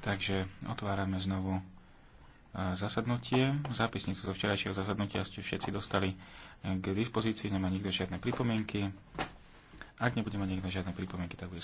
Takže otvárame znovu e, zasadnutie. Zápisnice zo včerajšieho zasadnutia ste všetci dostali e, k dispozícii. Nemá nikto žiadne pripomienky. Ak nebude mať nikto žiadne pripomienky, tak bude